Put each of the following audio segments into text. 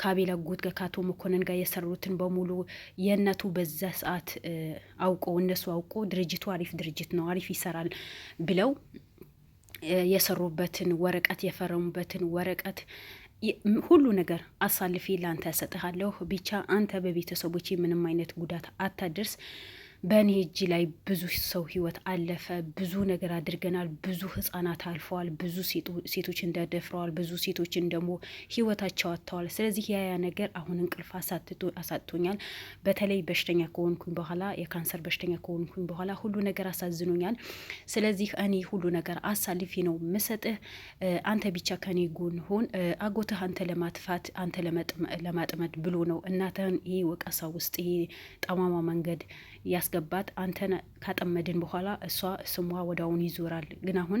ከአቤል አጎት ጋር ከአቶ መኮንን ጋር የሰሩትን በሙሉ የእነቱ በዛ ሰዓት አውቆ እነሱ አውቆ ድርጅቱ አሪፍ ድርጅት ነው አሪፍ ይሰራል ብለው የሰሩበትን ወረቀት የፈረሙበትን ወረቀት ሁሉ ነገር አሳልፌ ለአንተ ያሰጥሃለሁ። ብቻ አንተ በቤተሰቦች ምንም አይነት ጉዳት አታድርስ። በእኔ እጅ ላይ ብዙ ሰው ህይወት አለፈ። ብዙ ነገር አድርገናል። ብዙ ህጻናት አልፈዋል። ብዙ ሴቶች እንደደፍረዋል። ብዙ ሴቶችን ደግሞ ህይወታቸው አጥተዋል። ስለዚህ ያያ ነገር አሁን እንቅልፍ አሳጥቶኛል። በተለይ በሽተኛ ከሆንኩኝ በኋላ የካንሰር በሽተኛ ከሆንኩኝ በኋላ ሁሉ ነገር አሳዝኖኛል። ስለዚህ እኔ ሁሉ ነገር አሳልፊ ነው ምሰጥህ። አንተ ብቻ ከኔ ጎን ሆን። አጎትህ አንተ ለማጥፋት አንተ ለማጥመድ ብሎ ነው እናተን ይህ ወቀሳ ውስጥ ይሄ ጠማማ መንገድ ያስገባት አንተን ካጠመድን በኋላ እሷ ስሟ ወዳውን ይዞራል። ግን አሁን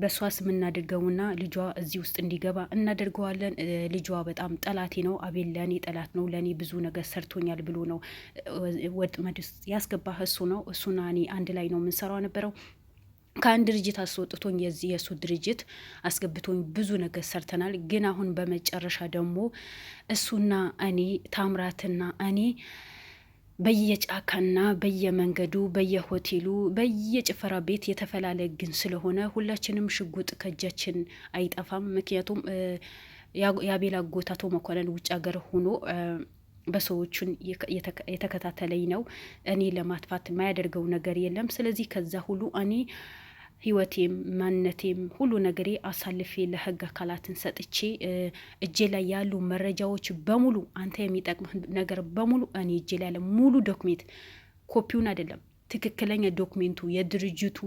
በእሷ ስም እናድርገውና ልጇ እዚህ ውስጥ እንዲገባ እናደርገዋለን። ልጇ በጣም ጠላቴ ነው፣ አቤል ለእኔ ጠላት ነው፣ ለእኔ ብዙ ነገር ሰርቶኛል ብሎ ነው ወጥመድ ውስጥ ያስገባ እሱ ነው። እሱና እኔ አንድ ላይ ነው የምንሰራው ነበረው ከአንድ ድርጅት አስወጥቶኝ የዚህ የእሱ ድርጅት አስገብቶኝ ብዙ ነገር ሰርተናል። ግን አሁን በመጨረሻ ደግሞ እሱና እኔ ታምራትና እኔ በየጫካና በየመንገዱ በየሆቴሉ በየጭፈራ ቤት የተፈላለግን ስለሆነ ሁላችንም ሽጉጥ ከእጃችን አይጠፋም። ምክንያቱም የአቤላ አጎት አቶ መኮንን ውጭ ሀገር ሆኖ በሰዎቹን የተከታተለኝ ነው። እኔ ለማጥፋት የማያደርገው ነገር የለም። ስለዚህ ከዛ ሁሉ እኔ ህይወቴም ማንነቴም ሁሉ ነገሬ አሳልፌ ለህግ አካላትን ሰጥቼ እጄ ላይ ያሉ መረጃዎች በሙሉ አንተ የሚጠቅምህ ነገር በሙሉ እኔ እጄ ላይ ያለ ሙሉ ዶክሜንት ኮፒውን አይደለም ትክክለኛ ዶክሜንቱ የድርጅቱ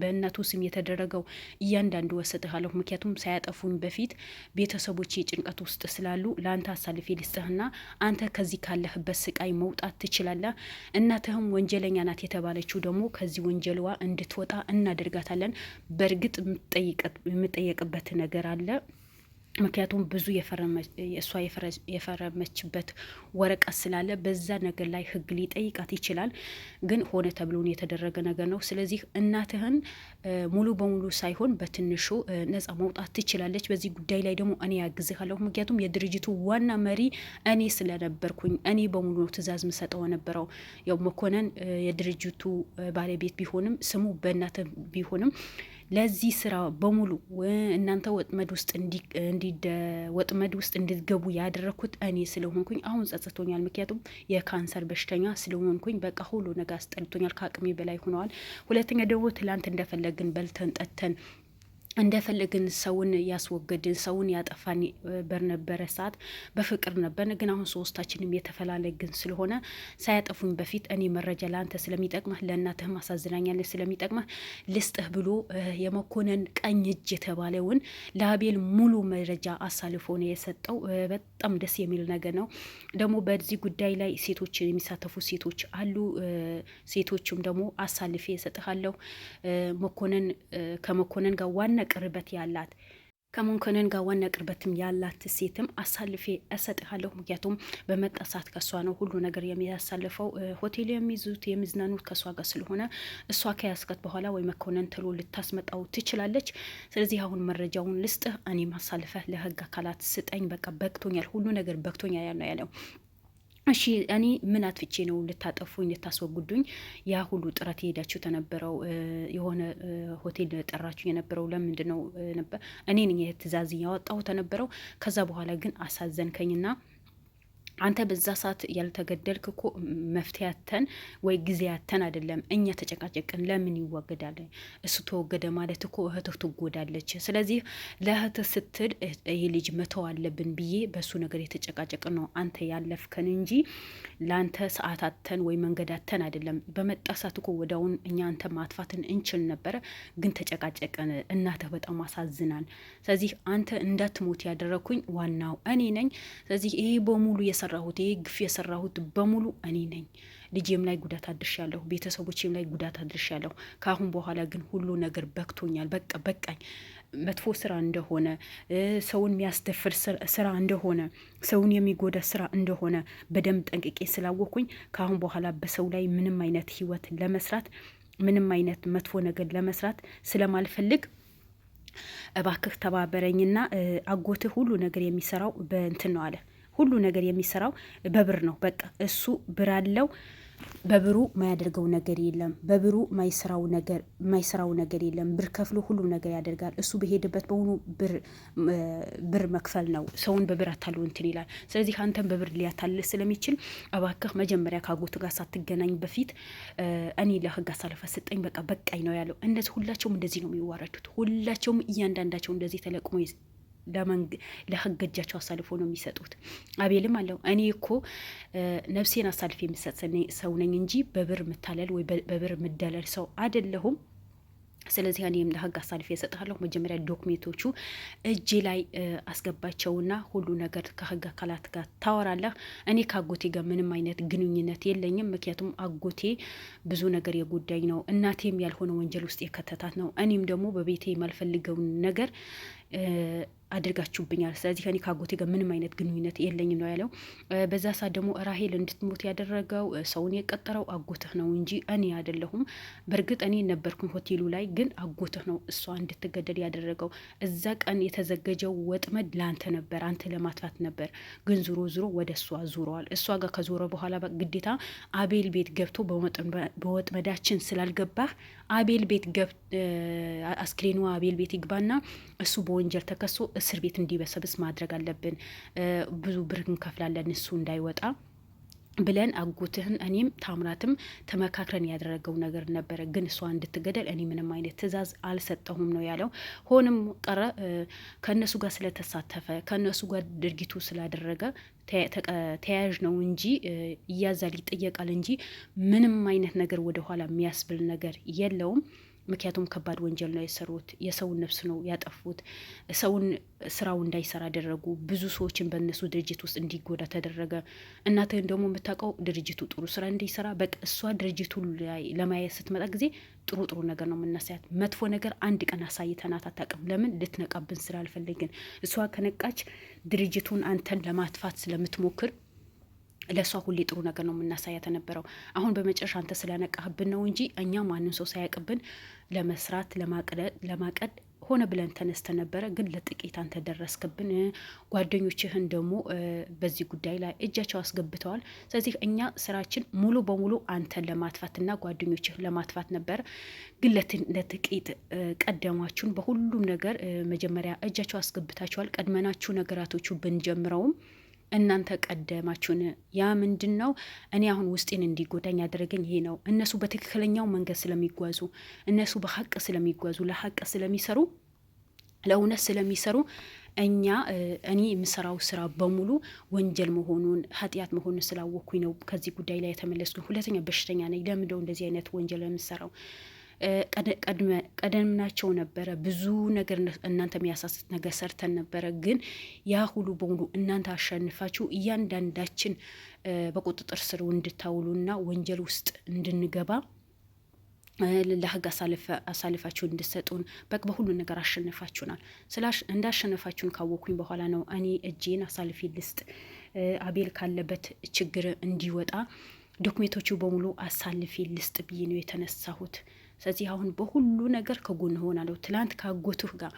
በእናቱ ስም የተደረገው እያንዳንዱ ወሰጥሃለሁ። ምክንያቱም ሳያጠፉኝ በፊት ቤተሰቦች የጭንቀት ውስጥ ስላሉ ለአንተ አሳልፌ ልስጥህና አንተ ከዚህ ካለህበት ስቃይ መውጣት ትችላለህ። እናትህም ወንጀለኛ ናት የተባለችው ደግሞ ከዚህ ወንጀልዋ እንድትወጣ እናደርጋታለን። በእርግጥ የምጠየቅበት ነገር አለ። ምክንያቱም ብዙ እሷ የፈረመችበት ወረቀት ስላለ በዛ ነገር ላይ ህግ ሊጠይቃት ይችላል። ግን ሆነ ተብሎን የተደረገ ነገር ነው። ስለዚህ እናትህን ሙሉ በሙሉ ሳይሆን በትንሹ ነጻ መውጣት ትችላለች። በዚህ ጉዳይ ላይ ደግሞ እኔ ያግዝሃለሁ። ምክንያቱም የድርጅቱ ዋና መሪ እኔ ስለነበርኩኝ እኔ በሙሉ ነው ትእዛዝ ምሰጠው ነበረው። ያው መኮነን የድርጅቱ ባለቤት ቢሆንም ስሙ በእናትህ ቢሆንም ለዚህ ስራ በሙሉ እናንተ ወጥመድ ውስጥ ወጥመድ ውስጥ እንድትገቡ ያደረግኩት እኔ ስለሆንኩኝ አሁን ጸጽቶኛል። ምክንያቱም የካንሰር በሽተኛ ስለሆንኩኝ በቃ ሁሉ ነገር አስጠልቶኛል። ከአቅሜ በላይ ሆነዋል። ሁለተኛ ደግሞ ትላንት እንደፈለግን በልተን ጠተን እንደፈለግን ሰውን ያስወገድን ሰውን ያጠፋን በነበረ ሰዓት በፍቅር ነበር። ግን አሁን ሶስታችንም የተፈላለግን ስለሆነ ሳያጠፉኝ በፊት እኔ መረጃ ለአንተ ስለሚጠቅመህ ለእናትህ ማሳዝናኛለን ስለሚጠቅመህ ልስጥህ ብሎ የመኮንን ቀኝ እጅ የተባለውን ለአቤል ሙሉ መረጃ አሳልፎ ነው የሰጠው። በጣም ደስ የሚል ነገር ነው። ደግሞ በዚህ ጉዳይ ላይ ሴቶች የሚሳተፉ ሴቶች አሉ። ሴቶችም ደግሞ አሳልፌ እሰጥሃለሁ መኮንን ከመኮንን ጋር ዋና ቅርበት ያላት ከመኮንን ጋር ዋና ቅርበትም ያላት ሴትም አሳልፌ እሰጥሃለሁ። ምክንያቱም በመጣ ሰዓት ከእሷ ነው ሁሉ ነገር የሚያሳልፈው። ሆቴል የሚይዙት የሚዝናኑት ከእሷ ጋር ስለሆነ እሷ ከያዝከት በኋላ ወይ መኮንን ትሎ ልታስመጣው ትችላለች። ስለዚህ አሁን መረጃውን ልስጥህ፣ እኔም አሳልፈህ ለህግ አካላት ስጠኝ። በቃ በቅቶኛል፣ ሁሉ ነገር በቅቶኛል ነው ያለው እሺ እኔ ምን አትፍቼ ነው ልታጠፉኝ ልታስወግዱኝ ያ ሁሉ ጥረት የሄዳችሁ ተነበረው የሆነ ሆቴል ጠራችሁ የነበረው ለምንድን ነው ነበር እኔ ትእዛዝ ያወጣሁ ተነበረው ከዛ በኋላ ግን አሳዘንከኝና አንተ በዛ ሰዓት ያልተገደልክ እኮ መፍትያተን ወይ ጊዜያተን አይደለም። እኛ ተጨቃጨቅን ለምን ይወገዳል እሱ ተወገደ ማለት እኮ እህትህ ትጎዳለች። ስለዚህ ለእህትህ ስትል ይህ ልጅ መተው አለብን ብዬ በእሱ ነገር የተጨቃጨቅ ነው አንተ ያለፍከን እንጂ ለአንተ ሰዓታተን ወይ መንገዳተን አይደለም። በመጣ ሰዓት እኮ ወዳውን እኛ አንተ ማጥፋትን እንችል ነበረ፣ ግን ተጨቃጨቅን። እናትህ በጣም አሳዝናል። ስለዚህ አንተ እንዳትሞት ያደረኩኝ ዋናው እኔ ነኝ። ስለዚህ ይሄ በሙሉ ያሰራሁት ይሄ ግፍ የሰራሁት በሙሉ እኔ ነኝ። ልጄም ላይ ጉዳት አድርሻለሁ፣ ቤተሰቦቼም ላይ ጉዳት አድርሻለሁ። ከአሁን በኋላ ግን ሁሉ ነገር በክቶኛል። በቃ በቃኝ። መጥፎ ስራ እንደሆነ ሰውን የሚያስደፍር ስራ እንደሆነ ሰውን የሚጎዳ ስራ እንደሆነ በደንብ ጠንቅቄ ስላወቅኩኝ ከአሁን በኋላ በሰው ላይ ምንም አይነት ህይወት ለመስራት ምንም አይነት መጥፎ ነገር ለመስራት ስለማልፈልግ እባክህ ተባበረኝና አጎትህ ሁሉ ነገር የሚሰራው በእንትን ነው አለ ሁሉ ነገር የሚሰራው በብር ነው። በቃ እሱ ብር አለው። በብሩ ማያደርገው ነገር የለም። በብሩ ማይሰራው ነገር ማይሰራው ነገር የለም። ብር ከፍሎ ሁሉም ነገር ያደርጋል። እሱ በሄደበት በሆኑ ብር መክፈል ነው። ሰውን በብር አታሉ እንትን ይላል። ስለዚህ አንተን በብር ሊያታልል ስለሚችል እባክህ መጀመሪያ ካጎቱ ጋር ሳትገናኝ በፊት እኔ ለህግ አሳልፈ ስጠኝ፣ በቃ በቃኝ ነው ያለው። እንደዚህ ሁላቸውም እንደዚህ ነው የሚዋረዱት። ሁላቸውም እያንዳንዳቸው እንደዚህ ተለቅሞ ለህግ እጃቸው አሳልፎ ነው የሚሰጡት። አቤልም አለው እኔ እኮ ነፍሴን አሳልፍ የምሰጥ ሰው ነኝ እንጂ በብር ምታለል ወይ በብር ምደለል ሰው አይደለሁም። ስለዚህ እኔም ለህግ አሳልፍ እሰጥሃለሁ። መጀመሪያ ዶክሜንቶቹ እጅ ላይ አስገባቸውና ሁሉ ነገር ከህግ አካላት ጋር ታወራለህ። እኔ ከአጎቴ ጋር ምንም አይነት ግንኙነት የለኝም። ምክንያቱም አጎቴ ብዙ ነገር የጎዳኝ ነው። እናቴም ያልሆነ ወንጀል ውስጥ የከተታት ነው። እኔም ደግሞ በቤቴ የማልፈልገውን ነገር አድርጋችሁብኛል። ስለዚህ ከኔ ካጎቴ ጋር ምንም አይነት ግንኙነት የለኝም ነው ያለው። በዛ ሰዓት ደግሞ ራሄል እንድትሞት ያደረገው ሰውን የቀጠረው አጎትህ ነው እንጂ እኔ አይደለሁም። በእርግጥ እኔ ነበርኩም ሆቴሉ ላይ፣ ግን አጎትህ ነው እሷ እንድትገደል ያደረገው። እዛ ቀን የተዘገጀው ወጥመድ ለአንተ ነበር፣ አንተ ለማጥፋት ነበር። ግን ዙሮ ዙሮ ወደ እሷ ዞረዋል። እሷ ጋር ከዞረ በኋላ ግዴታ አቤል ቤት ገብቶ በወጥመዳችን ስላልገባህ አቤል ቤት አስክሬኗ አቤል ቤት ይግባና እሱ በወ በወንጀል ተከሶ እስር ቤት እንዲበሰብስ ማድረግ አለብን። ብዙ ብር እንከፍላለን እሱ እንዳይወጣ ብለን አጎትህን እኔም ታምራትም ተመካክረን ያደረገው ነገር ነበረ። ግን እሷ እንድትገደል እኔ ምንም አይነት ትዕዛዝ አልሰጠሁም ነው ያለው። ሆንም ቀረ ከእነሱ ጋር ስለተሳተፈ ከእነሱ ጋር ድርጊቱ ስላደረገ ተያያዥ ነው እንጂ እያዛል ይጠየቃል እንጂ ምንም አይነት ነገር ወደኋላ የሚያስብል ነገር የለውም። ምክንያቱም ከባድ ወንጀል ነው የሰሩት። የሰውን ነፍስ ነው ያጠፉት። ሰውን ስራው እንዳይሰራ አደረጉ። ብዙ ሰዎችን በእነሱ ድርጅት ውስጥ እንዲጎዳ ተደረገ። እናትህን ደግሞ የምታውቀው ድርጅቱ ጥሩ ስራ እንዲሰራ በቃ እሷ ድርጅቱ ላይ ለማየት ስትመጣ ጊዜ ጥሩ ጥሩ ነገር ነው የምናሳያት። መጥፎ ነገር አንድ ቀን አሳይተናት አታውቅም። ለምን ልትነቃብን ስላልፈለግን። እሷ ከነቃች ድርጅቱን አንተን ለማጥፋት ስለምትሞክር ለእሷ ሁሌ ጥሩ ነገር ነው የምናሳያት ነበረው። አሁን በመጨረሻ አንተ ስለነቃህብን ነው እንጂ እኛ ማንም ሰው ሳያውቅብን ለመስራት ለማቀድ ሆነ ብለን ተነስተን ነበረ። ግን ለጥቂት አንተ ደረስክብን። ጓደኞችህን ደግሞ በዚህ ጉዳይ ላይ እጃቸው አስገብተዋል። ስለዚህ እኛ ስራችን ሙሉ በሙሉ አንተን ለማጥፋትና ጓደኞችህን ለማጥፋት ነበር። ግን ለጥቂት ቀደማችሁን። በሁሉም ነገር መጀመሪያ እጃቸው አስገብታችኋል። ቀድመናችሁ ነገራቶቹ ብንጀምረውም እናንተ ቀደማችሁን። ያ ምንድን ነው? እኔ አሁን ውስጤን እንዲጎዳኝ ያደረገኝ ይሄ ነው። እነሱ በትክክለኛው መንገድ ስለሚጓዙ፣ እነሱ በሀቅ ስለሚጓዙ፣ ለሀቅ ስለሚሰሩ፣ ለእውነት ስለሚሰሩ እኛ እኔ የምሰራው ስራ በሙሉ ወንጀል መሆኑን ኃጢአት መሆኑን ስላወቅኩኝ ነው ከዚህ ጉዳይ ላይ የተመለስኩ። ሁለተኛ በሽተኛ ነኝ። ለምንድነው እንደዚህ አይነት ወንጀል የምሰራው? ቀደምናቸው ነበረ። ብዙ ነገር እናንተ የሚያሳስት ነገር ሰርተን ነበረ። ግን ያ ሁሉ በሙሉ እናንተ አሸንፋችሁ እያንዳንዳችን በቁጥጥር ስር እንድታውሉና ወንጀል ውስጥ እንድንገባ ለህግ አሳልፋችሁ እንድሰጡን በቅ በሁሉ ነገር አሸንፋችሁናል። እንዳሸነፋችሁን ካወኩኝ በኋላ ነው እኔ እጄን አሳልፊ ልስጥ፣ አቤል ካለበት ችግር እንዲወጣ ዶክሜንቶቹ በሙሉ አሳልፌ ልስጥ ብዬ ነው የተነሳሁት። ስለዚህ አሁን በሁሉ ነገር ከጎን ሆናለሁ። ትላንት ካጎትህ ጋር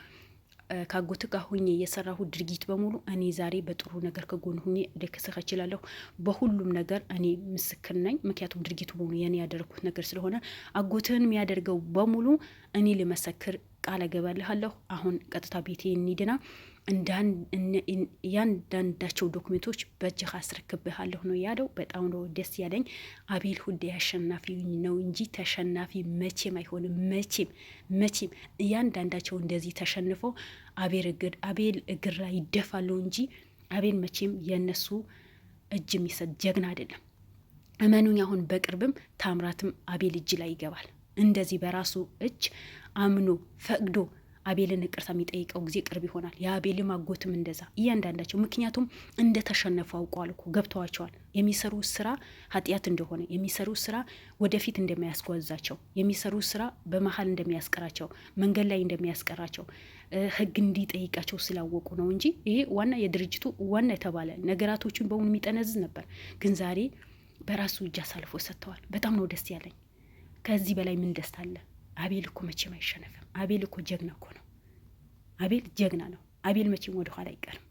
ካጎትህ ጋር ሁኜ የሰራሁ ድርጊት በሙሉ እኔ ዛሬ በጥሩ ነገር ከጎን ሁኜ ልክስህ እችላለሁ። በሁሉም ነገር እኔ ምስክር ነኝ። ምክንያቱም ድርጊቱ በሙሉ የእኔ ያደረግኩት ነገር ስለሆነ አጎትህን የሚያደርገው በሙሉ እኔ ልመሰክር ቃል እገባልሃለሁ። አሁን ቀጥታ ቤቴ እንሂድና እያንዳንዳቸው ዶክሜንቶች በእጅህ አስረክብሃለሁ ነው ያለው። በጣም ነው ደስ ያለኝ። አቤል ሁዴ አሸናፊ ነው እንጂ ተሸናፊ መቼም አይሆንም። መቼም መቼም እያንዳንዳቸው እንደዚህ ተሸንፈው አቤል እግር ላይ ይደፋሉ እንጂ አቤል መቼም የእነሱ እጅ የሚሰጥ ጀግና አይደለም። እመኑኝ፣ አሁን በቅርብም ታምራትም አቤል እጅ ላይ ይገባል። እንደዚህ በራሱ እጅ አምኖ ፈቅዶ አቤልን ይቅርታ የሚጠይቀው ጊዜ ቅርብ ይሆናል። የአቤልም አጎትም እንደዛ እያንዳንዳቸው፣ ምክንያቱም እንደተሸነፉ አውቀዋል እኮ ገብተዋቸዋል። የሚሰሩ ስራ ኃጢአት እንደሆነ የሚሰሩ ስራ ወደፊት እንደሚያስጓዛቸው የሚሰሩ ስራ በመሀል እንደሚያስቀራቸው መንገድ ላይ እንደሚያስቀራቸው ህግ እንዲጠይቃቸው ስላወቁ ነው እንጂ ይሄ ዋና የድርጅቱ ዋና የተባለ ነገራቶቹን በሙሉ የሚጠነዝዝ ነበር። ግን ዛሬ በራሱ እጅ አሳልፎ ሰጥተዋል። በጣም ነው ደስ ያለኝ። ከዚህ በላይ ምን ደስታ አለ? አቤል እኮ መቼም አይሸነፍም። አቤል እኮ ጀግና እኮ ነው። አቤል ጀግና ነው። አቤል መቼም ወደኋላ አይቀርም።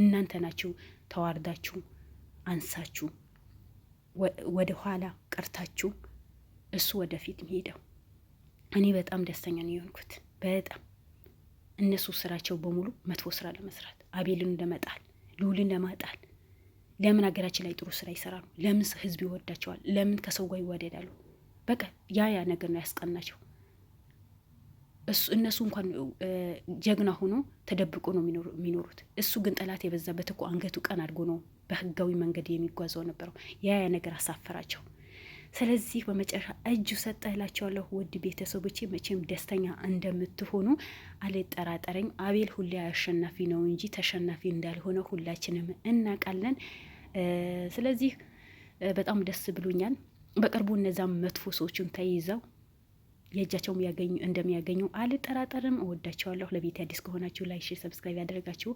እናንተ ናችሁ ተዋርዳችሁ አንሳችሁ ወደ ኋላ ቀርታችሁ እሱ ወደፊት ሄደው። እኔ በጣም ደስተኛ ነው የሆንኩት። በጣም እነሱ ስራቸው በሙሉ መጥፎ ስራ ለመስራት አቤልን ለመጣል ልውልን ለማጣል። ለምን ሀገራችን ላይ ጥሩ ስራ ይሰራሉ? ለምን ህዝብ ይወዳቸዋል? ለምን ከሰው ጋር ይዋደዳሉ? በቃ ያ ያ ነገር ነው ያስቀናቸው። እነሱ እንኳን ጀግና ሆኖ ተደብቆ ነው የሚኖሩት። እሱ ግን ጠላት የበዛበት እኮ አንገቱ ቀን አድጎ ነው በህጋዊ መንገድ የሚጓዘው ነበረው። ያ ያ ነገር አሳፈራቸው። ስለዚህ በመጨረሻ እጁ ሰጠ እላቸዋለሁ። ውድ ቤተሰቦቼ መቼም ደስተኛ እንደምትሆኑ አልጠራጠረኝ። አቤል ሁሌ አሸናፊ ነው እንጂ ተሸናፊ እንዳልሆነ ሁላችንም እናውቃለን። ስለዚህ በጣም ደስ ብሎኛል። በቅርቡ እነዛም መጥፎ ሰዎችም ተይዘው የእጃቸውም ያገኙ እንደሚያገኙ አልጠራጠርም። እወዳቸዋለሁ። ለቤት አዲስ ከሆናችሁ ላይ ሼር፣ ሰብስክራይብ ያደረጋችሁ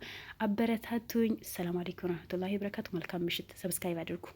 አበረታቱኝ። ሰላም አለይኩም ረህመቱላሂ በረካቱ። መልካም ምሽት። ሰብስክራይብ አድርጉ።